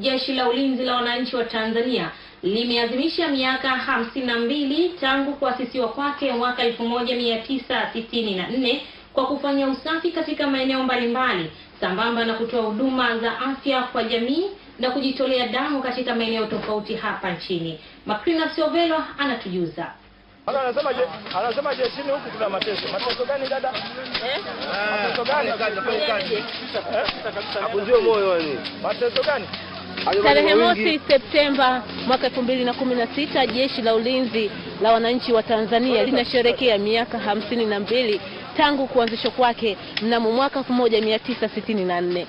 Jeshi la Ulinzi la Wananchi wa Tanzania limeadhimisha miaka hamsini na mbili tangu kuasisiwa kwake mwaka 1964 kwa kufanya usafi katika maeneo mbalimbali sambamba na kutoa huduma za afya kwa jamii na kujitolea damu katika maeneo tofauti hapa nchini. Makrina Siovelo anatujuza. Anasema je, anasema je, chini huku kuna mateso. Mateso gani dada? Eh? Mateso gani? Hakunjua moyo wewe. Mateso gani? Eh? Tarehe mosi Septemba mwaka 2016 jeshi la ulinzi la wananchi wa Tanzania linasherehekea miaka hamsini na mbili tangu kuanzishwa kwake mnamo mwaka 1964.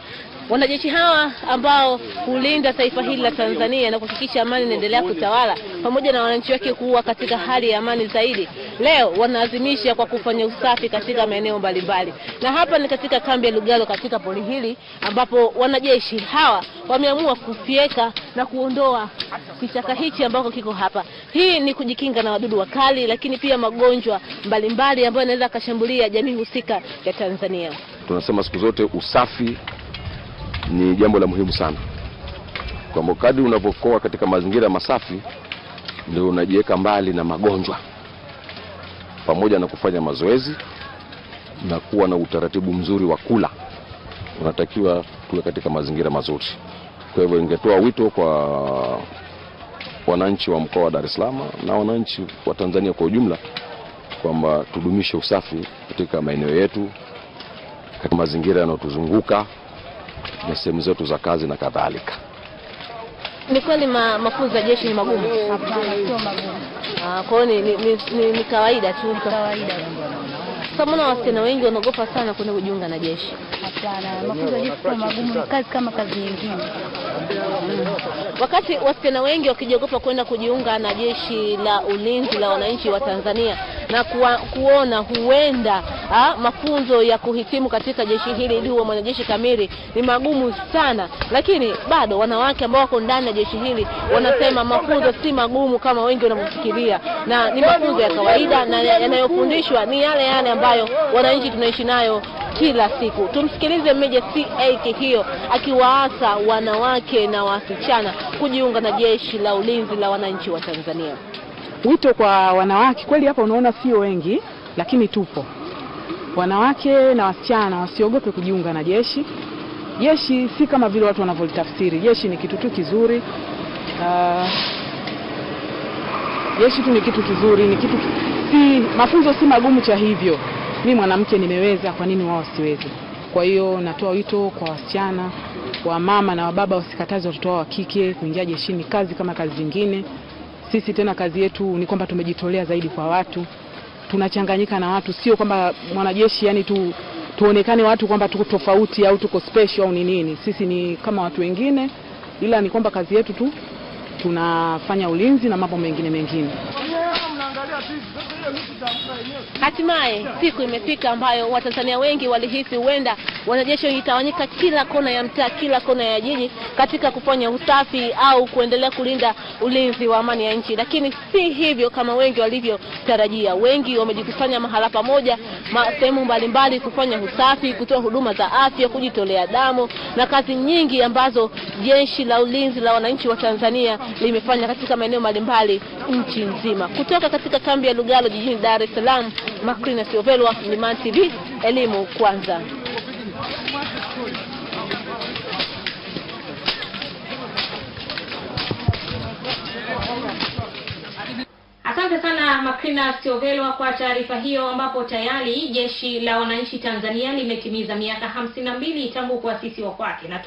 Wanajeshi hawa ambao hulinda taifa hili la Tanzania na kuhakikisha amani inaendelea kutawala pamoja na wananchi wake kuwa katika hali ya amani zaidi, leo wanaadhimisha kwa kufanya usafi katika maeneo mbalimbali, na hapa ni katika kambi ya Lugalo katika pori hili ambapo wanajeshi hawa wameamua kufyeka na kuondoa kichaka hichi ambako kiko hapa. Hii ni kujikinga na wadudu wakali, lakini pia magonjwa mbalimbali ambayo yanaweza akashambulia jamii husika ya Tanzania. Tunasema siku zote usafi ni jambo la muhimu sana, kwamba kadri unavyokoa katika mazingira masafi ndio unajiweka mbali na magonjwa, pamoja na kufanya mazoezi na kuwa na utaratibu mzuri wa kula, unatakiwa tuwe katika mazingira mazuri. Kwa hivyo, ingetoa wito kwa wananchi wa mkoa wa Dar es Salaam na wananchi wa Tanzania kwa ujumla kwamba tudumishe usafi katika maeneo yetu, katika mazingira yanayotuzunguka na sehemu zetu za kazi na kadhalika. Ni kweli ma, mafunzo ya jeshi ni magumu? Hapana, sio magumu. Ah, kwa hiyo ni, ni, ni, ni kawaida tu, kawaida. Sasa mbona wasichana wengi wanaogopa sana kwenda kujiunga na jeshi? Hapana, mafunzo ya jeshi sio magumu, ni kazi kama kazi nyingine. Hmm. Wakati wasichana wengi wakijiogopa kwenda kujiunga na jeshi la ulinzi la wananchi wa Tanzania na kuwa, kuona huenda ha, mafunzo ya kuhitimu katika jeshi hili ili huwa mwanajeshi kamili ni magumu sana, lakini bado wanawake ambao wako ndani ya jeshi hili wanasema mafunzo si magumu kama wengi wanavyofikiria, na ni mafunzo ya kawaida na yanayofundishwa ni yale yale ambayo wananchi tunaishi nayo kila siku. Tumsikilize Meja CA hiyo akiwaasa wanawake na wasichana kujiunga na jeshi la ulinzi la wananchi wa Tanzania. Wito kwa wanawake kweli, hapa unaona sio wengi, lakini tupo Wanawake na wasichana wasiogope kujiunga na jeshi. Jeshi si kama vile watu wanavyolitafsiri. Jeshi ni kitu tu kizuri. Uh, jeshi tu ni kitu kizuri, ni kitu si, mafunzo si magumu cha hivyo. Mi mwanamke nimeweza, kwa nini wao wasiweze? Kwa hiyo natoa wito kwa wasichana, wa mama na wababa wasikataze watoto wao wa kike kuingia jeshini. Kazi kama kazi zingine, sisi tena kazi yetu ni kwamba tumejitolea zaidi kwa watu tunachanganyika na watu, sio kwamba mwanajeshi yani tu tuonekane watu kwamba tuko tofauti au tuko special au ni nini. Sisi ni kama watu wengine, ila ni kwamba kazi yetu tu tunafanya ulinzi na mambo mengine mengine. Hatimaye siku imefika ambayo Watanzania wengi walihisi huenda wanajeshi itawanyika kila kona ya mtaa, kila kona ya jiji katika kufanya usafi au kuendelea kulinda ulinzi wa amani ya nchi, lakini si hivyo kama wengi walivyotarajia. Wengi wamejikusanya mahala pamoja, sehemu mbalimbali kufanya usafi, kutoa huduma za afya, kujitolea damu na kazi nyingi ambazo jeshi la ulinzi la wananchi wa Tanzania limefanya katika maeneo mbalimbali nchi nzima. Kutoka katika kambi ya Lugalo jijini Dar es Salaam, Makrina Siovelwa, Mlimani TV, elimu kwanza. Asante sana Makrina Siovelwa kwa taarifa hiyo, ambapo tayari jeshi la wananchi Tanzania limetimiza miaka hamsini na mbili tangu kuasisiwa kwake na